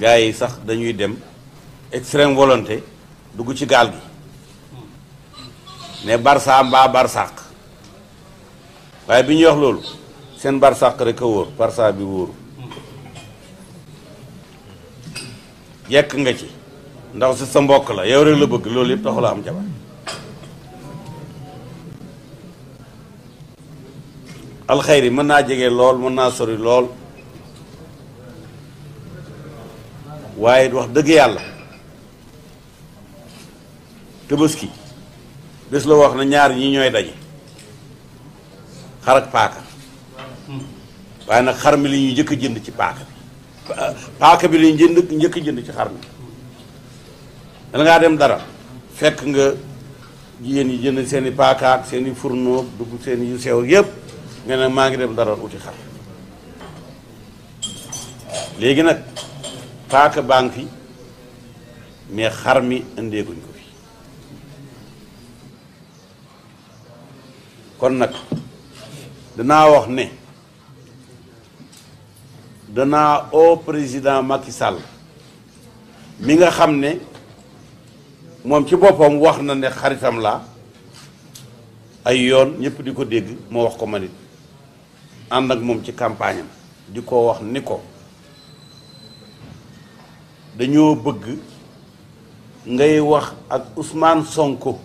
gars yi sax dañuy dem extrême volonté dugg ci gaal gi ne barsa mbaa barsàq waaye bi ñuy wax loolu seen barsàq rek a wóor barsa bi wóoru yekk nga ci ndaw si sa mbokk la yow rek la bëgg loolu yëpp taxu la am jabar alxayri mën naa jege lool mën naa sori lool waaye wax dëgg yàlla tabaski bés la wax na ñaar ñi ñooy daje xar ak paaka waaye nag xar mi li ñu njëkk jënd ci paaka bi paaka bi li ñu jënd njëkk jënd ci xar mi da ngaa dem dara fekk nga jigéen ñi jënd seeni i seeni ak seen i fourneau dugg seen yu sew yépp nga ne maa ngi dem dara wuti xar léegi nag paaka baa ngi fi mais xar mi indeeguñ ko fi kon nag danaa wax ne danaa o président Macky Sall mi nga xam ne moom ci boppam wax na ne xaritam la ay yoon ñëpp di ko dégg moo wax ko manit ànd ak moom ci campagne di ko wax ni ko dañoo bëgg ngay wax ak Ousmane Sonko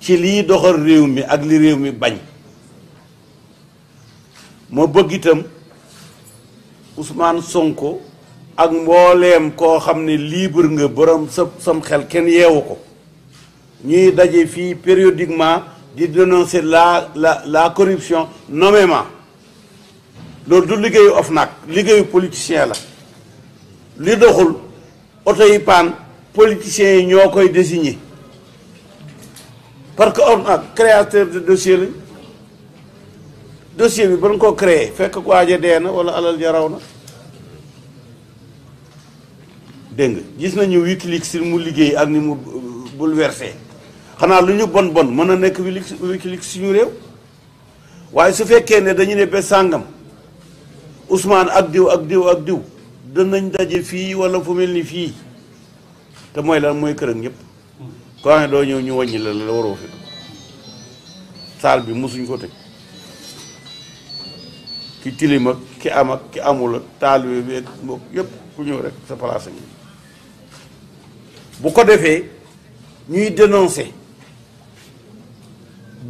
ci liy doxal réew mi ak li réew mi bañ ma bëgg itam usmaan Sonko ak mbooleem koo xam ne libre nga borom sa sam xel kenn yeewu ko ñuy daje fi périodiquement di dénoncer la la la corruption nommément loolu du liggéeyu OFNAC liggéeyu politicien la li doxul oto yi paan yi ñoo koy désigner parce que on ak créateur de dossier lañ dossier bi ba nga ko créé fekk ko waaja dee na wala alal ja na dégg gis nañu Wikileaks si mu liggéey ak ni mu bouleversé xanaa lu ñu bon bon mën na nekk Wikileaks suñu réew waaye su fekkee ne dañu ne ba sàngam Ousmane ak diw ak diw ak diw danañ daje fii wala fu mel ni fii te mooy lan mooy këram ñëpp ko xam doo ñëw ñu wàññi la la waroo fi saal bi mosuñ ko tëj ki tilim ki am ak ki amul ak bi ak mbokk yëpp ku ñëw rek sa place ngi bu ko defee ñuy dénoncer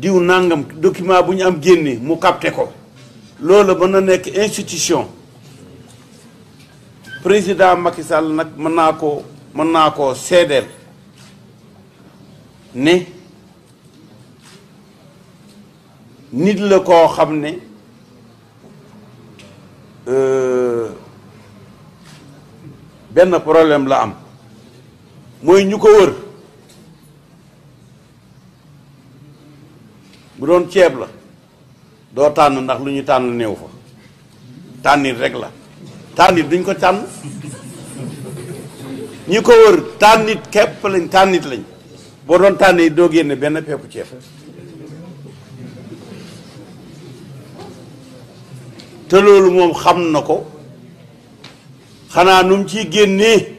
diw nàngam document bu ñu am génne mu capté ko loolu mën na nekk institution président Macky Sall nag mën naa koo mën naa koo seedeel ni nit la koo xam ne euh, benn problème la am mooy ñu ko wër bu doon ceeb la doo tànn ndax lu ñu tànn néew fa tànnil rek la tànnit duñ ko tànn ñi ko wër tànnit képp lañ tànnit lañ boo doon tànnee doo génne benn peppu ceeb te loolu moom xam na ko xanaa num ci ciy génnee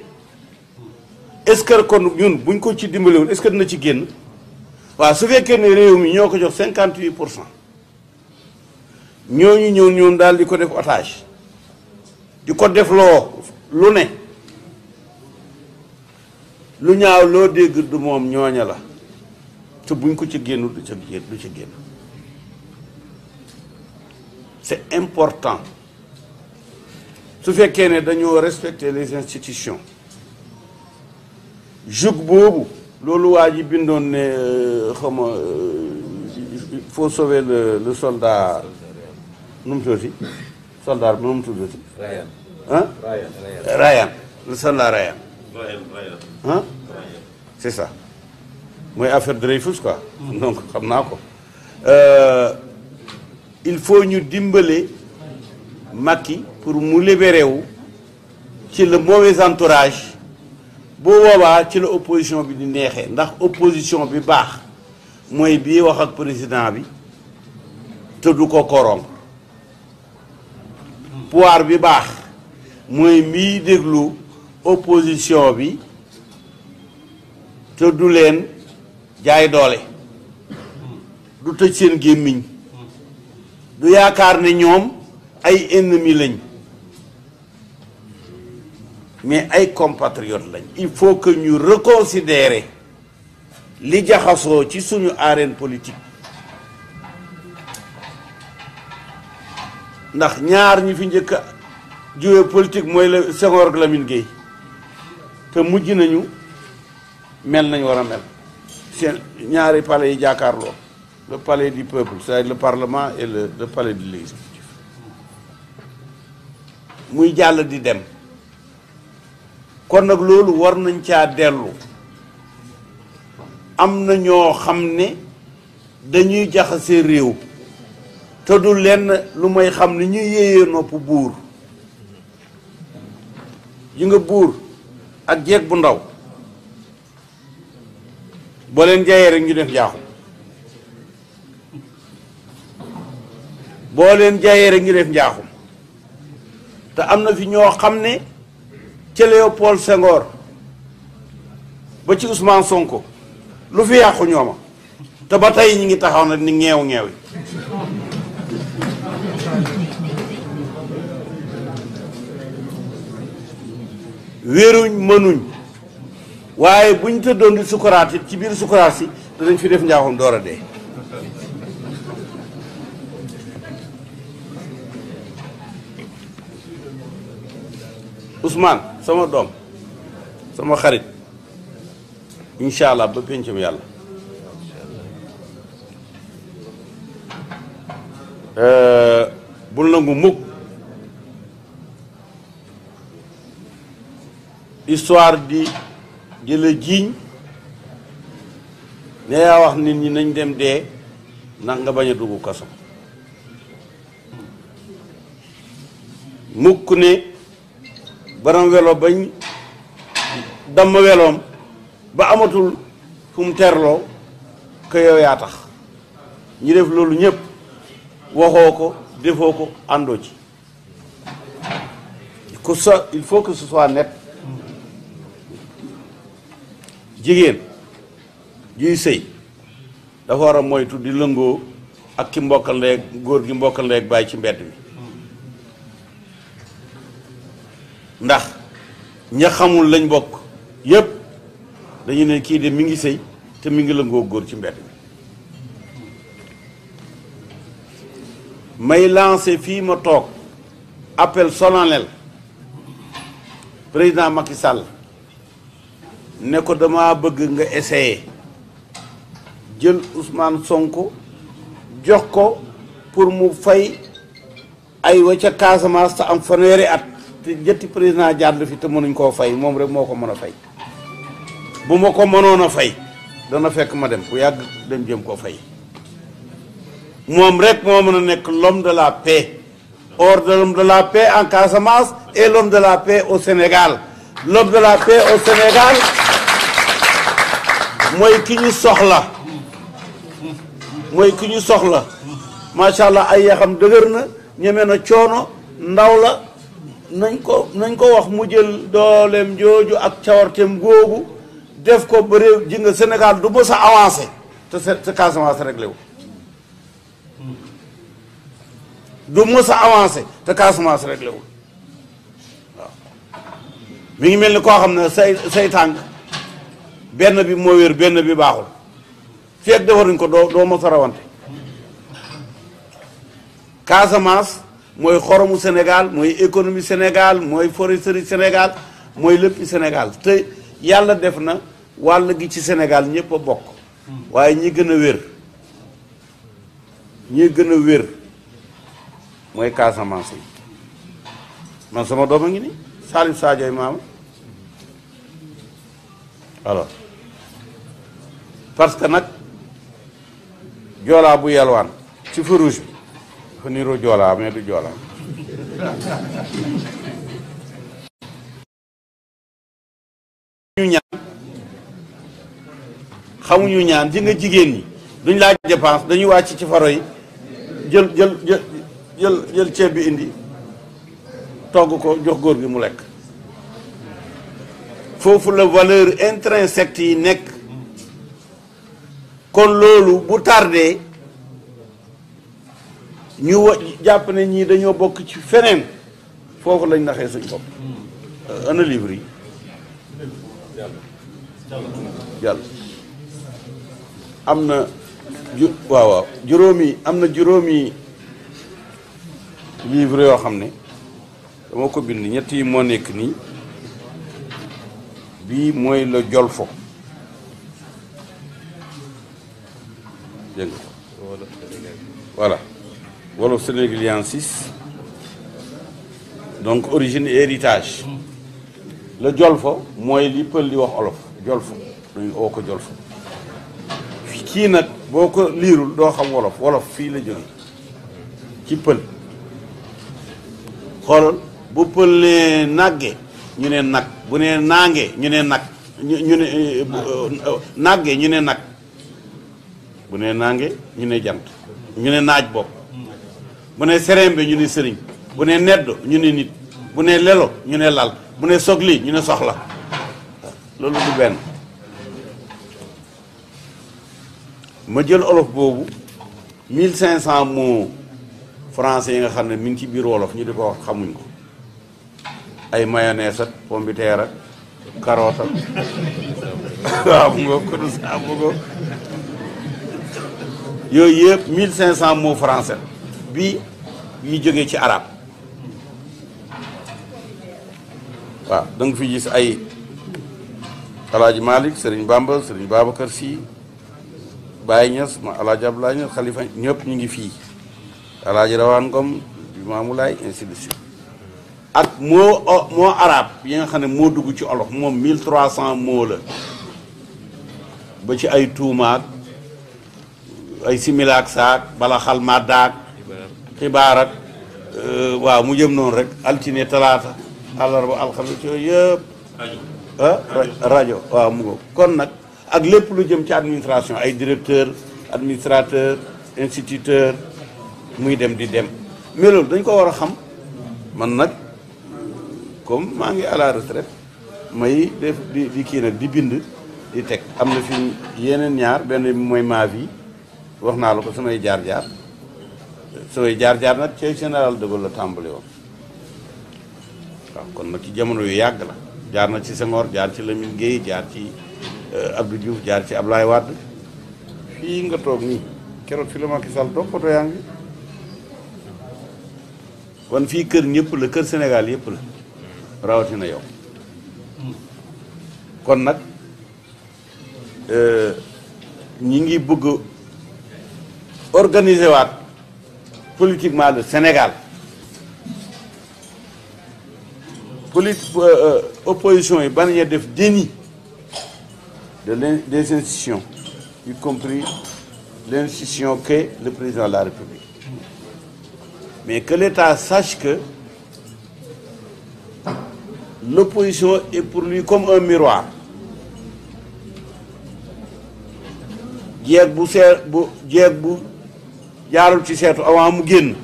est-ce que kon ñun buñ ko ci dimbalewul est-ce que dina ci génn waaw su fekkee ne réew mi ñoo ko jox cinquante-huit pour cent ñooñu ñëw ñoom daal di ko def otage di ko defloo lu ne lu ñaaw loo dégg du moom ñooña la te buñ ko ci génn du ca génn du génn c'est important su fekkee ne dañoo respecter les institutions jug boobu loolu waa ji bindoon ne euh, xama euh, il faut sauver le le soldat nu soldaar bi nu mu tuddati. Rayane. ah Rayane. le soldat Rayane. c'est ça mooy affaire Dreyfus quoi. Hmm. donc xam naa ko. Euh, il faut ñu dimbale Macky pour mu libéré ci la mauvais entourage bu boobaa ci la opposition bi di neexee ndax opposition bi baax mooy bii wax ak président bi te du ko corrompre. pouvoir bi baax mooy miy déglu opposition bi te du leen jaay doole du tëj seen gémmiñ du yaakaar ne ñoom ay ennemis lañ mais ay compatriotes lañ il faut que ñu reconsidérer li jaxasoo ci suñu arène politique ndax ñaar ñi fi njëkk a jiwee politique mooy la Senghor ak Lamine Gueye te mujj nañu mel nañ war a mel seen ñaari palais yi jàkkaarloo le palais du peuple cest à le parlement et le le palais du l'exécutif muy jàll di dem kon nag loolu war nañ caa dellu am na ñoo xam ne dañuy jaxase réew te du lenn lu may xam ni ñuy yéeyee nopp buur yi nga buur ak jeeg bu ndaw boo leen jaayee rek ñu def jaaxum boo leen jaayee rek ñu def njaaxum te am na fi ñoo xam ne ca Léopold Senghor ba ci Ousmane Sonko lu fi yàqu ñooma te ba tey ñi ngi taxaw na ni ngeew ngeew yi wéeruñ mënuñ waaye buñ tëddoon di sukuraat it ci biir sukuraat si danañ fi def njaaxum door a dee Ousmane sama doom sama xarit incha allah ba pencam yàlla euh, bul nangu mukk histoire di di la jiiñ ne yaa wax nit ñi nañ dem dee ndax nga bañ a dugg kaso mukk ne baram welo bañ damm weloom ba amatul fu mu terloo ko yaa tax ñu def loolu ñépp waxoo ko defoo ko àndoo ci ku il faut que ce soit net jigéen juy sëy dafa war a moytu di lëngoo ak ki mbokkal ndey góor gi mbokkal ndey bàyyi ci mbedd mi ndax ña xamul lañ bokk yépp dañu ne kii de mi ngi sëy te mi ngi lëngoo góor ci mbedd mi may lancé fii ma toog appel solennel président Macky Sall ne ko dama bëgg nga essayer jël Ousmane Sonko jox ko pour mu fay ay wa ca Casamance te am fanweeri at te jëtti président jàdd fi te mënuñ koo fay moom rek moo ko mën a fay bu ma ko mënoon a fay dana fekk ma dem bu yàgg dem jëm ko fay moom rek moo mën a nekk lom de la paix hors de de la paix en Casamance et l'homme de la paix au Sénégal l'homme de la paix au Sénégal mooy ki ñu soxla mooy ki ñu soxla macha allah ay yaxam dëgër na ñeme na coono ndaw la nañ ko nañ ko wax mu jël dooleem jooju ak cawarteem googu def ko ba réew ji nga Sénégal du ba sa avancé te sa Casamance réglé wu du mës avancé te Casamance réglé wul waaw mi ngi mel ni koo xam ne say say tànk benn bi moo wér benn bi baaxul fekk defaruñ ko doo doo mos a rawante Casamance mooy xoromu Sénégal mooy économie Sénégal mooy foresterie Sénégal mooy lépp Sénégal te yàlla def na wàll gi ci Sénégal ñépp a bokk waaye ñi gën a wér ñi gën a wér mooy Casamance yi man sama doom a ngi ni Salif Sadio maama alors parce que nag joolaa bu yelwaan ci feu rouge joola dafa niroo du joolaa ñaan xamuñu ñaan ji nga jigéen ñi duñ laaj dépense dañuy wàcc ci faro yi jël jël jël jël jël ceeb bi indi togg ko jox góor gi mu lekk foofu la valeur intrinsèque yi nekk kon loolu bu tardé ñu wa jàpp ne ñii dañoo bokk ci feneen foofu lañ naxee suñ bopp euh, ana livre yi jàll am na juróomi am na juróomi livre yoo xam ne dama ko bind ñett yi moo nekk nii bii mooy la jolfo dégg nga voilà wolof donc origine héritage la jolfo mooy li pël di wax olof jolfo dañu oo ko jolfo kii nag boo ko liirul doo xam wolof wolof fii la jóge ci pël xoolal bu pël ne nàgge ñu ne nag bu ne naange ñu ne nag ñu eh, eh, ne nag bu ne nange ñu ne jant ñu ne naaj bopp bu ne serembe ñu ne sëriñ bu ne neddo ñu ne nit bu ne lelo ñu ne lal bu ne sogli ñu ne soxla loolu du benn ma jël olof boobu 1500 mots français yi nga xam ne mi ngi ci biir wolof ñu di ko xamuñ ko ay mayonnaise ak pomme de terre ak carotte ak waaw ko yooyu mille yëpp 1500 mots français bi yu jógee ci arab waaw danga nga fi gis ay alaaji Malick Serigne Bamba Serigne Babacar Sy Baye Niass ma alaaji Abdoulaye Niass Khalifa ñëpp ñu ngi fii alaaji Rawaan Ngom bi Maamulaay ak moo moo arab yi nga xam ne moo dugg ci olof moom 1300 mots la ba ci ay tuumaat ay simila ak saak bala xal ma daak xibaar ak euh, waaw mu jëm noonu rek altine talaata àllarba alxames yooyu yëpp ah rajo waaw mu ngo kon nag ak lépp lu jëm ci administration ay directeur administrateur instituteur muy dem di dem mais dañ ko war a xam man nag comme maa ngi à la may di di kii nag di bind di teg am na fi yeneen ñaar benn mooy ma vie wax naa la ko samay jaar-jaar samay jaar-jaar nag ci général de Gaulle la tàmbali waaw kon nag ci jamono yu yàgg la jaar na ci Senghor jaar ci Lamine Guèye jaar ci euh, Abdou Diouf jaar ci Ablaye Wade fii nga toog nii keroog fi la Macky Sall yaa ngi kon fii kër ñëpp la kër Sénégal yëpp la rawatina yow kon nag euh, ñi ngi bëgg organiser waat politiquement le Sénégal poli euh, opposition yi bañ a def déni de des institutions y compris l'institution qu'est le président de la République mais que l'État sache que l'opposition est pour lui comme un miroir jeeg bu seer bu jeeg bu jaarul ci seetu avant mu génn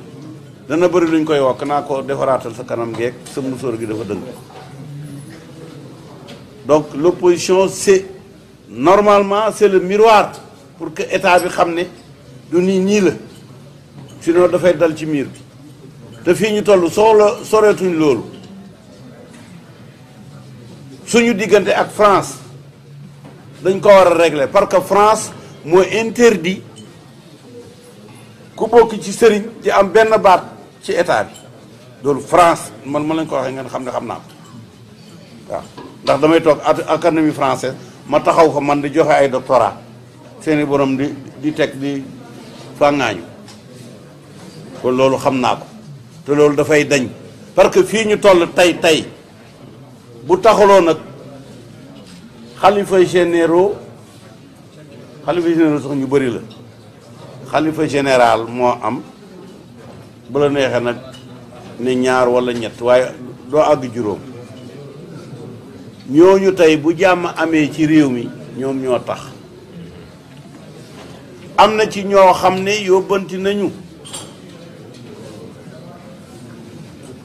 dana bëri luñ koy wakk naa ko defaraatal sa kanam geeg sa musóor gi dafa dëng donc l'opposition c'est normalement c'est le miroir pour que état bi xam ne du nii ñii la sinon dafay dal ci miir bi te fii ñu toll soxla soreetuñu loolu suñu diggante ak France dañ ko war a régler parce que France moo interdit ku bokk ci sëriñ di am benn baat ci état bi loolu France man ma lañ ko waxee ngeen xam ne xam naa ko waaw ndax damay toog académie française ma taxaw ko man di joxe ay doctorat seeni borom di di teg di fàngaañu kon loolu xam naa ko te loolu dafay dañ parce que fii ñu toll tey tey bu taxaloo nag xalifa généraux xalifa généraux sax ñu bari la xalifa général moo am bu la neexee nag ne ñaar wala ñett waaye doo àgg juróom ñooñu tey bu jàmm amee ci réew mi ñoom ñoo tax am na ci ñoo xam ne yóbbanti nañu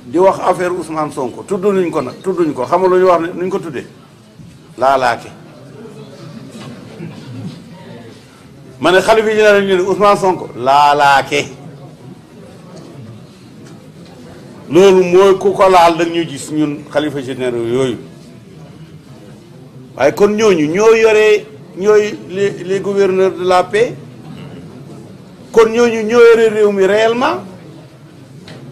di wax affaire Ousmane Sonko tudd nuñ ko nag tudduñ ko xamul lu ñu wax ne nuñ ko tuddee laalaake ma ne xalifa général ñu ne Ousmane Sonko laalaake loolu mooy ku ko laal da ñu yooyu waaye kon ñooñu ñoo yore ñooy les les gouverneurs de la paix kon ñooñu ñoo yore réew mi réellement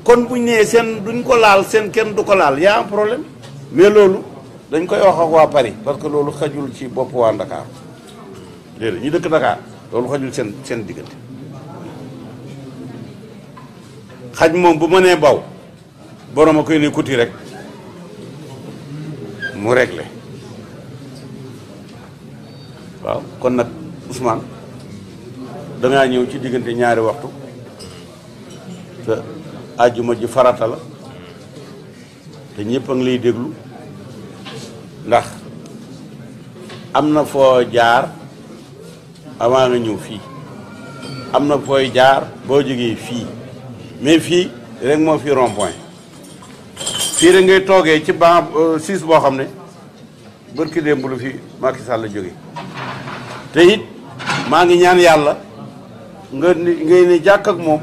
kon buñ nee seen duñ ko laal seen kenn du ko laal y a problème mais loolu dañ koy wax waa Paris parce que loolu xajul ci bopp waa Ndakaar léegi ñu dëkk Ndakaar loolu xajul seen seen diggante xaj moom bu mënee baw boroom a koy ne kuti rek mu réglé waaw kon nag usmaan dangaa ñëw ci diggante ñaari waxtu te àjjuma ji farata la te ñëpp lay déglu ndax am na foo jaar avant nga ñëw fii am na fooy jaar boo jógee fii mais fii rek moo fi rond point fii rek ngay toogee ci ban euh, siis boo xam ne bërki démb lu fi Macky Sall la jóge te it maa ngi ñaan yàlla nga ngay ne moom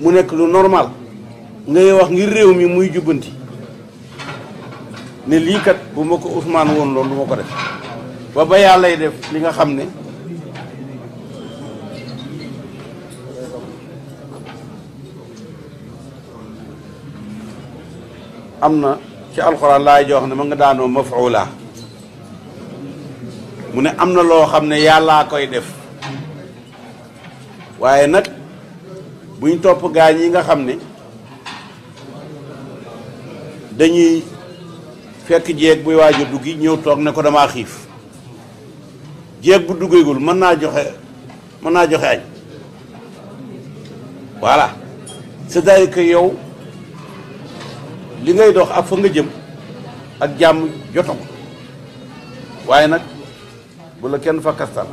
mu nekk lu normal ngay wax ngi réew mi muy jubbanti ne lii kat bu ma ko Ousmane woon loolu du ma ko def ba ba yàlla lay def li nga xam ne am na ci alxuraan laa joo ne ma nga daanoo mafuula mu ne am na loo xam ne yàllaa koy def waaye nag buñ topp gaañ yi nga xam ne dañuy fekk jéeg buy waaj a duggi ñëw toog ne ko damaa xiif jéeg bu duggeegul mën naa joxe mën naa joxe añ voilà c'est-à-dire yow li ngay dox ak fa nga jëm ak jàmm joto ko waaye nag bu la kenn fakkastal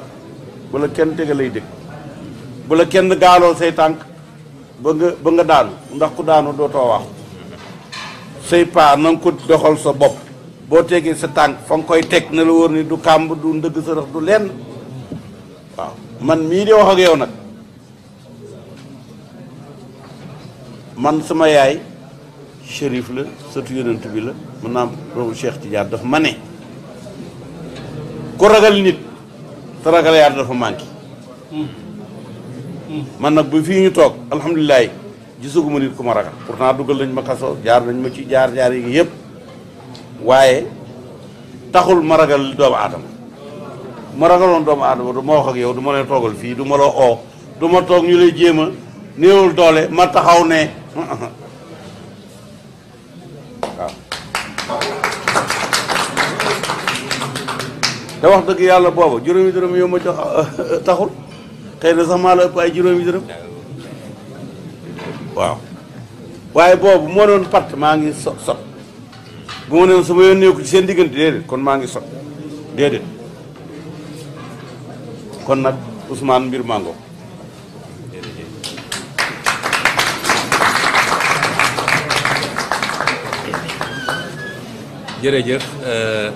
bu la kenn tega lay dégg bu la kenn gaaloo say tànk ba nga ba nga daanu ndax ku daanu doo too waaxu say paa na nga ko doxal sa bopp boo tegee sa tànk fa nga koy teg ne la wóor ni du kàmb du ndëgg sa du lenn waaw man mii di wax ak yow nag man sama yaay shérif la sëtu yonent bi la mën naa robu Cheikh Tidiane dafa ma ne ku ragal nit te ragal yaar dafa manqué hmm. Hmm. man nag bu fii ñu toog alhamdulilah gisaguma nit ku ma ragal pourtant dugal nañ ma kaso jaar nañ ma ci jaar-jaar yi yëpp waaye taxul ma ragal doomu aadama ma ragaloon doomu adama du ma wax ak yow du ma lay toogal fii du ma la oo du toog ñu lay jéem a néewul doole ma taxaw ne te wax dëgg yàlla booba juróomi dërëm yow ma jox euh, taxul xëy na sax maa la ëpp ay juróomi dërëm waaw waaye boobu moo doon part maa ngi so sot bu ma ne sama yoon neeku ci seen diggante déedéet kon maa ngi sot déedéet kon nag usmaan mbir mango jërëjëf euh,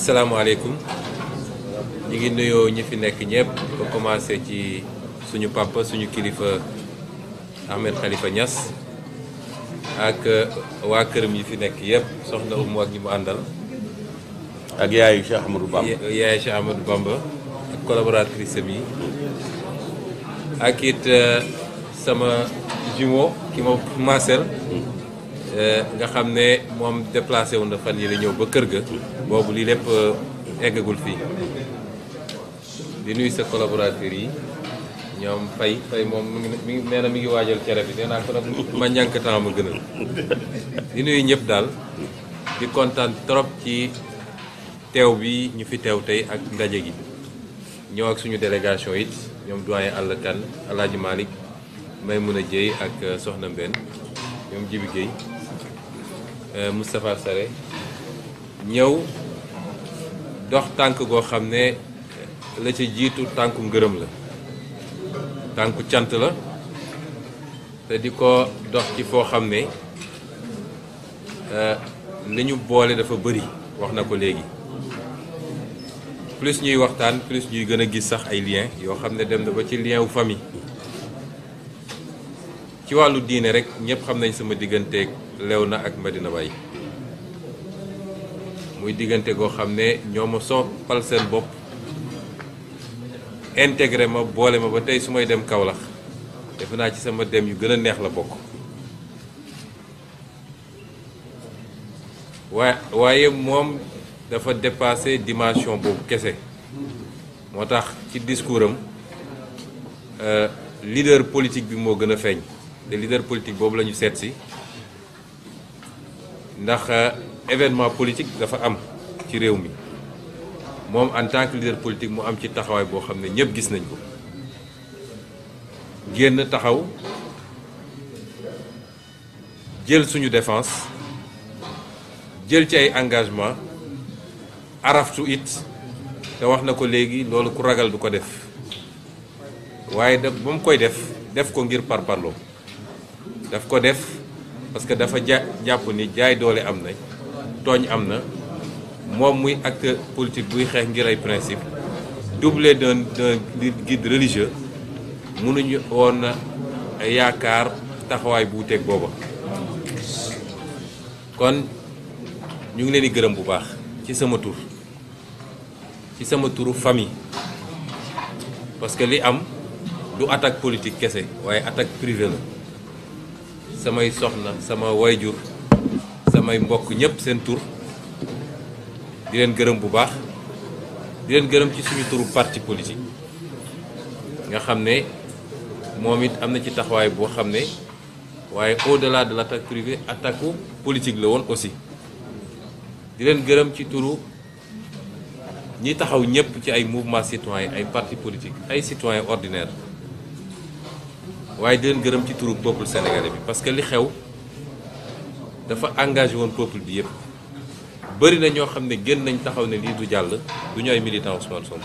asalaamaaleykum ñu ngi nuyoo ñi fi nekk ñëpp ba commencé ci suñu papa suñu kilifa Ahmed Khalifa Niass ak uh, waa këram yi fi nekk yëpp soxna Umu ak ñi mu àndal. ak yaayu Cheikh Amadou Bamba yaayu Cheikh Amadou ak collaboratrice am yi ak uh, sama jumeau ki ma maaseel. Hmm. Euh, nga xam ne moom déplacé wu na fan yi la ñëw ba kër ga boobu lii lépp euh, eggagul fii di nuyu sa collaborateurs yi ñoom fay fay moom mi ngi nee na mi ngi waajal cere bi nee naa ko nag ma ñànk temps ma gënal di nuyu ñëpp daal di kontaan trop ci teew bi ñu fi teew tey ak ndaje gi ñëw ak suñu délégation it ñoom doyen Alla Kane Alaaji Malick a Jéy ak euh, Soxna Mbène ñoom Jibi Guèye Euh, Moustapha Sarré ñëw dox tànk goo xam ne la ci jiitu tànku ngërëm la tànku cant la te di ko dox ci foo xam ne euh, li ñu boole dafa bëri wax na ko léegi plus ñuy waxtaan plus ñuy gën a gis sax ay lien yoo xam ne dem na ba ci lien wu famille ci wàllu diine rek ñëpp xam nañ sama digganteeg na ak Medina Baye muy diggante goo xam ne ñoo ma soppal seen bopp intégré ma boole ma ba tey su may dem Kaolack defe naa ci sama dem yu gën a neex la bokk waaye waaye moom dafa dépassé dimension boobu kese moo tax ci discours am euh, leader politique bi moo gën a feeñ te leader politique boobu la ñu seet si ndax euh, événement politique dafa am ci réew mi moom en tant que leader politique mu am ci taxawaay boo xam ne ñëpp gis nañ ko génn taxaw jël suñu défense jël ci ay engagement araftu it te wax na ko léegi loolu ku ragal du ko def waaye da ba mu koy def def ko ngir parparloo daf ko def parce que dafa ja jàpp ni jaay doole am na tooñ am na moom muy acteur politique buy xeex ngir ay principe doublé d'un d'un guide religieux mënuñu woon yaakaar taxawaay bu wuteeg booba kon ñu ngi leen di gërëm bu baax ci sama tur ci sama turu famille parce que li am du attaque politique kese waaye attaque privée la samay soxna sama wayjur samay mbokk ñëpp seen tur di leen gërëm bu baax di leen gërëm ci suñu turu parti politique nga xam ne moom it am na ci taxawaay boo xam ne waaye de delà de l'attaque privée attaque politique la woon aussi di leen gërëm ci turu ñi taxaw ñëpp ci ay mouvement citoyen ay parti politique ay citoyen ordinaire waaye di leen gërëm ci turu peuple sénégalais bi parce que li xew dafa engagé woon peuple bi yëpp bëri na ñoo xam ne génn nañ taxaw ne lii du jàll du ñu ay militant Ousmane Sonko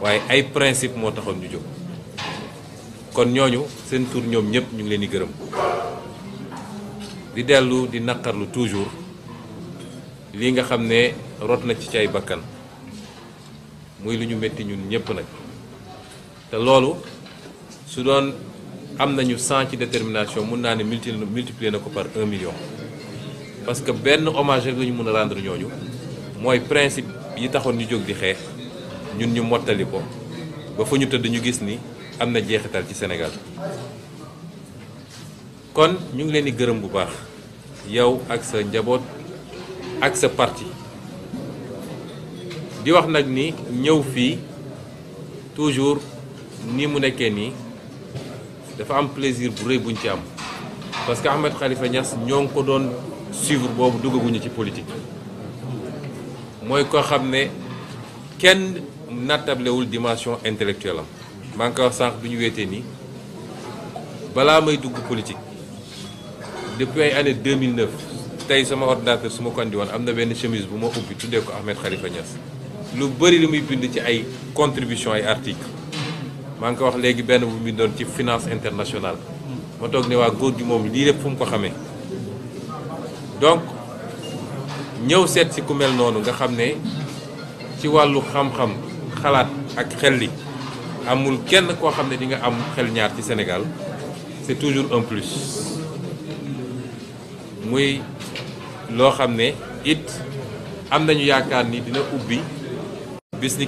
waaye ay principe moo taxaw ñu jóg kon ñooñu seen tur ñoom ñëpp ñu ngi leen di gërëm di dellu di naqarlu toujours lii nga xam ne rot na ci ci ay bakkan muy lu ñu métti ñun ñëpp nag te loolu su doon am nañu 100 ci détermination mun naa ne multiplier na ko par 1 million parce que benn hommage rek la ñu mën a rendre ñooñu mooy principe yi taxoon ñu jóg di xeex ñun ñu mottali ko ba fa ñu tëdd ñu gis ni am na jeexital ci senegal kon ñu ngi leen di gërëm bu baax yow ak sa njaboot ak sa parti di wax nag ni ñëw fii toujours ni mu nekkee nii dafa am plaisir bu rëy buñ ci am parce que Ahmed Khalifa Niass ñoo ngi ko doon suivre boobu duggaguñu ci politique mooy ko xam ne kenn nattablewul dimension intellectuelle am maa ngi koy wax sànq bi ñu weetee nii balaa may dugg politique depuis ay année 2009 tey sama ordinateur su ma ko andi woon am na benn chemise bu ma ubbi tuddee ko Ahmed Khalifa Niass lu bëri lu muy bind ci ay contribution ay articles maa ngi ko wax léegi benn bu bindoon ci finance internationale ma toog ne waa góor gi moom lii lépp fu ko xamee donc ñëw seet si ku mel noonu nga xam ne ci wàllu xam-xam xalaat ak xel li amul kenn koo xam ne di nga am xel ñaar ci senegal c'est toujours un plus muy loo xam ne it am nañu yaakaar ni dina ubbi bis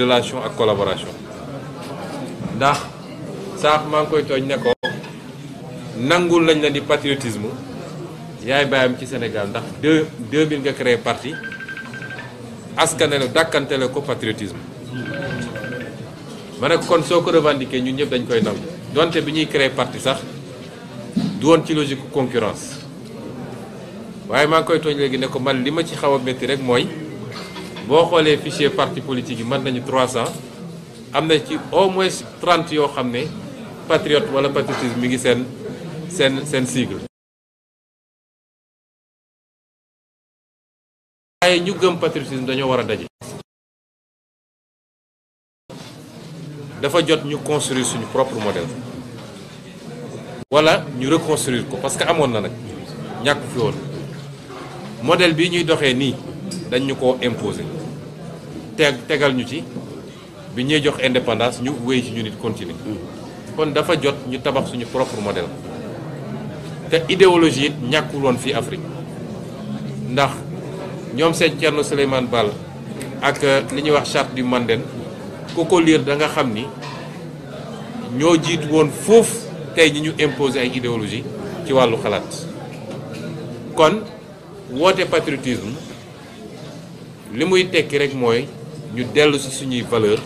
relation ak collaboration ndax saax maa ngi koy tooñ ne ko nangul lañ la di patriotisme yaay bàyyam ci Sénégal ndax deux deux mille nga créé parti askanale dàkkantele ko patriotisme ma ne kon soo ko revendiqué ñu ñëpp dañ koy nangu donte bi ñuy créé parti sax du woon ci logique concurrence waaye maa ngi koy tooñ léegi ne ko man li ma ci xaw a métti rek mooy boo xoolee fichier parti politique yi mën nañu trois 300 am na ci au moins 30 yoo xam ne patriote wala patriotisme mi ngi seen seen seen sigle. waaye ñu gëm patriotisme dañoo war a daje. dafa jot ñu construire suñu propre modèle. wala ñu reconstruire ko parce que amoon na nag ñàkk fi woon modèle bi ñuy doxee nii dañ ñu ko imposer. teg tegal ñu ci bi ñuy jox indépendance ñu wéy ci ñu nit continuer kon dafa jot ñu tabax suñu propre modèle te idéologie it ñàkkul woon fii Afrique ndax ñoom seen Thierno Souleymane Baal ak euh, li ñuy wax charte du Mandène ku ko lire da xam ni ñoo jiitu woon foofu tey ñi ñu imposer ay idéologie ci wàllu xalaat kon woote patriotisme li muy tekki rek mooy ñu dellu si suñuy valeur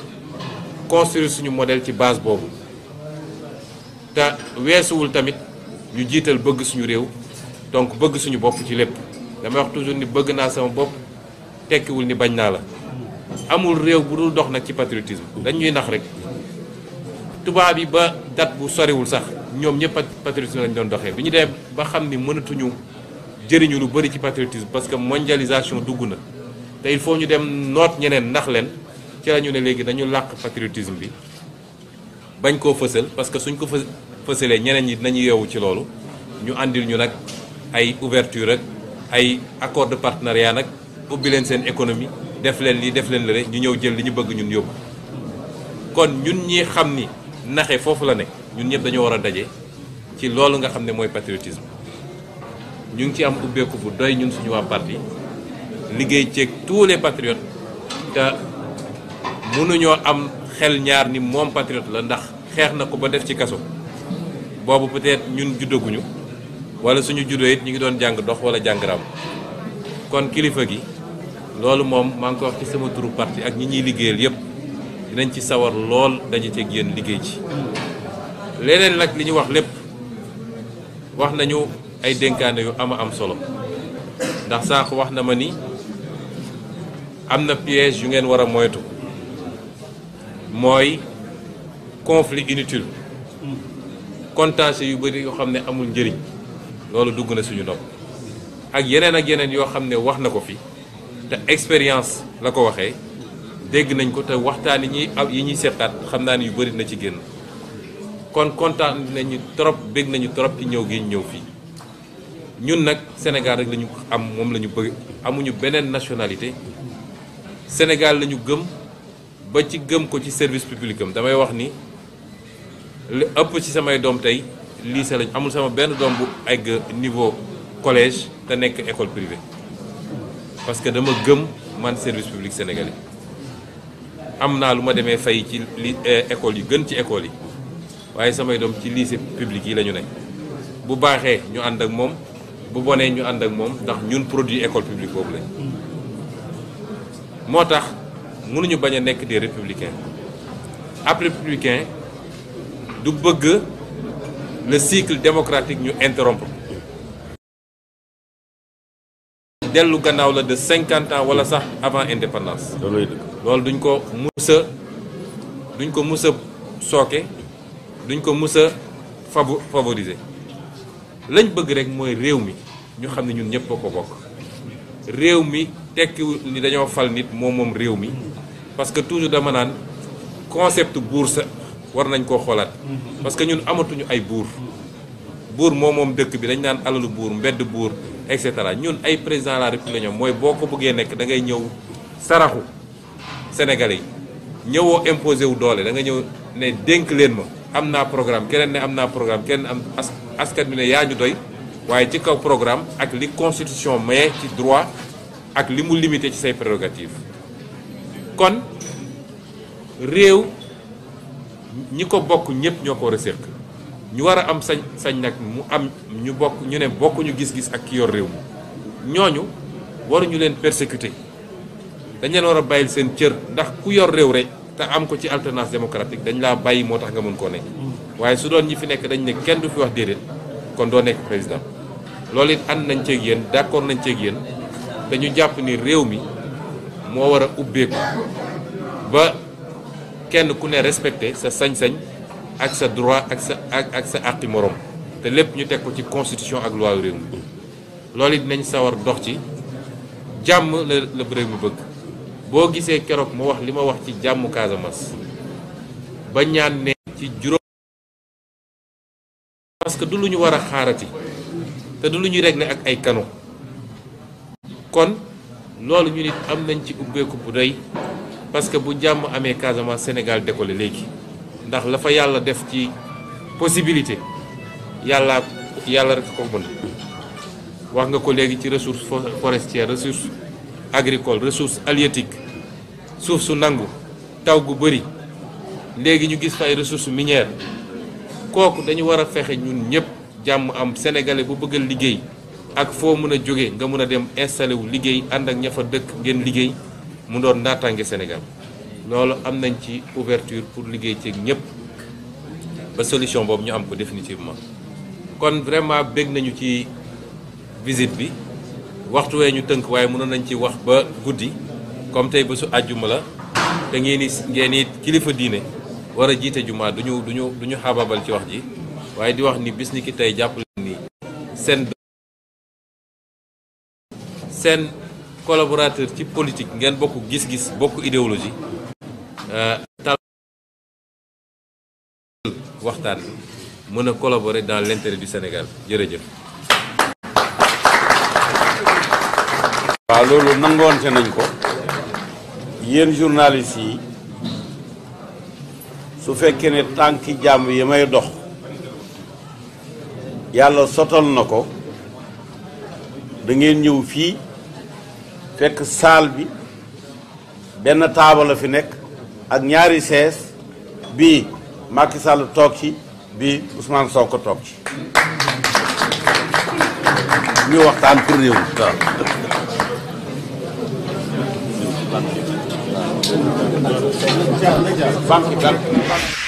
construire suñu modèle ci base boobu te weesuwul tamit ñu jiital bëgg suñu réew donc bëgg suñu bopp ci lépp dama wax toujours ni bëgg naa sama bopp tekkiwul ni bañ naa la amul réew bu dul dox nag ci patriotisme dañ ñuy nax rek tubaab yi ba date bu soriwul sax ñoom ñëpp patriotisme lañ doon doxee bi ñu demee ba xam ni mënatuñu jëriñu lu bëri ci patriotisme parce que mondialisation dugg na te il faut ñu dem noot ñeneen ndax leen ci la ñu ne léegi dañu làq patriotisme bi bañ koo fësal parce que suñ ko fësalee ñeneen yi dinañu yeewu ci loolu ñu àndil ñu nag ay ouverture ak ay accord de partenariat nag ubbi leen seen économie def leen lii def leen lële ñu ñëw jël li ñu bëgg ñun yóbbu kon ñun ñi xam ni naxe foofu la ne ñun ñëpp dañoo war a daje ci loolu nga xam ne mooy patriotisme ñu ngi ci am ubbeeku bu doy ñun suñu waa parti liggéey ceeg tous les patriotes te mënuñoo am xel ñaar ni moom patriote la ndax xeex na ko ba def ci kaso boobu peut-être ñun juddaguñu wala suñu juddoo it ñu ngi doon jàng dox wala jàng ram kon kilifa gi loolu moom maa ngi ko wax ci sama turu parti ak ñi ñuy liggéeyal yépp dinañ ci sawar lool daje ceeg yéen liggéey ci leneen nag li ñu wax lépp wax nañu ay dénkaane yu ama am solo ndax saako wax na ma ni am na piège yu ngeen war a moytu mooy conflit inutile contentieux yu bëri yoo xam ne amul njëriñ loolu dugg na suñu nopp ak yeneen ak yeneen yoo xam ne wax na ko fi te expérience la ko waxee dégg nañ ko te waxtaan yi ñuy yi ñuy seqaat xam naa ne yu bëri na ci génn kon kontaan nañu trop bég nañu trop ci ñëw gi ñëw fii ñun nag Sénégal rek lañu am moom la ñu bëgg amuñu beneen nationalité Sénégal lañu gëm ba ci gëm ko ci service public damay wax ni li ëpp ci samay doom tey lycée lañ amul sama benn doom bu egg niveau collège te nekk école privée parce que dama gëm man service public sénégalais am naa lu ma demee fay ci li eh, école yi gën ci école yi waaye samay doom ci lycée public yi la ñu ne bu baaxee ñu ànd ak moom bu bonee ñu ànd ak moom ndax ñun produit école publique boobu lañ moo tax mënuñu bañ a nekk di républicains ab républicain du bëgg le cycle démocratique ñu interrompre dellu gannaaw la de cinquante ans wala sax avant indépendance loolu duñ ko musa duñ ko musa sooke duñ ko musa favo favoriser lañ bëgg rek mooy réew mi ñu xam ne ñun ñëpp a ko bokk réew mi tekkiwul ni dañoo fal nit moom moom réew mi parce que toujours dama naan concept buur sa war nañ koo xoolaat parce que ñun amatuñu ay buur buur moom moom dëkk bi dañ naan alalu buur mbedd buur et cetera ñun ay président de la république mooy boo ko bëggee nekk dangay ñëw saraxu sénégalais yi ñëwoo imposé wu doole da nga ñëw ne dénk leen ma am naa programme keneen ne am naa programme keneen am askan bi ne yaa ñu doy waaye ci kaw programme ak li constitution maye ci droit ak li mu limité ci say prérogatives kon réew ñi ko bokk ñëpp ñoo ko war a séq ñu war a am sañ sañ nag mu am ñu bokk ñu ne bokkuñu gis-gis ak ki yor réew mi ñooñu waruñu leen persecuté dañ leen war a bàyyil seen cër ndax ku yor réew rek te am ko ci alternance démocratique dañ laa bàyyi moo tax nga mën koo nekk waaye su doon ñi fi nekk dañ ne kenn du fi wax déedéet kon doo nekk président loolu it ànd nañ ceeg yéen d'accord nañ ceeg yéen dañu jàpp ni réew mi moo war a ubbeeku ba kenn ku ne respecté sa sañ-sañ ak sa droit ak sa ak ak sa àqi morom te lépp ñu teg ko ci constitution ak loi réew mi loolu dinañ sawar dox ci jàmm la la réew mi bëgg boo gisee keroog mu wax li ma wax ci jàmm Casamance ba ñaan ne ci juróom parce que du lu ñu war a xaarati te du lu ñu régler ak ay kano kon loolu ñu nit am nañ ci ubbeeku bu doy parce que bu jàmm amee Casamance Sénégal décollé léegi ndax la fa yàlla def ci possibilité yàlla yàlla rek ko mën wax nga ko léegi ci ressource forestière ressource agricole ressource halieutique suuf su nangu taw gu bëri léegi ñu gis fa ay ressource minière kooku dañu war a fexe ñun ñëpp jàmm am sénégalais bu bëgg liggéey ak foo mën a jógee nga mën a dem installé wu liggéey ànd ak ña fa dëkk ngeen liggéey mu doon naataange senegal loolu am nañ ci ouverture pour liggéey ceeg ñëpp ba solution boobu ñu am ko définitivement. kon vraiment bég nañu ci visite bi waxtu wee ñu tënk waaye mënoon nañ ci wax ba guddi comme tey bésu àjjuma la te ngeen ni ngeen it kilifa diine war a jiite jumaa duñu duñu duñu xaabaabal ci wax ji waaye di wax ni bis tey jàppale ni seen seen collaborateur ci politique ngeen bokk gis-gis bokk idéologie euh, tal waxtaan bi mën a collaborer dans l'intérêt du Sénégal jërëjëf. waaw loolu nangoonte nañ ko yéen journalistes yi su fekkee ne tànk jàmm yi may dox yàlla sotal na ko da ñëw fii fekk saal bi benn taabal la fi nekk ak ñaari sees bi Macky salu toog ci bii Ousmane Sonko toog ci ñu waxtaan pour réew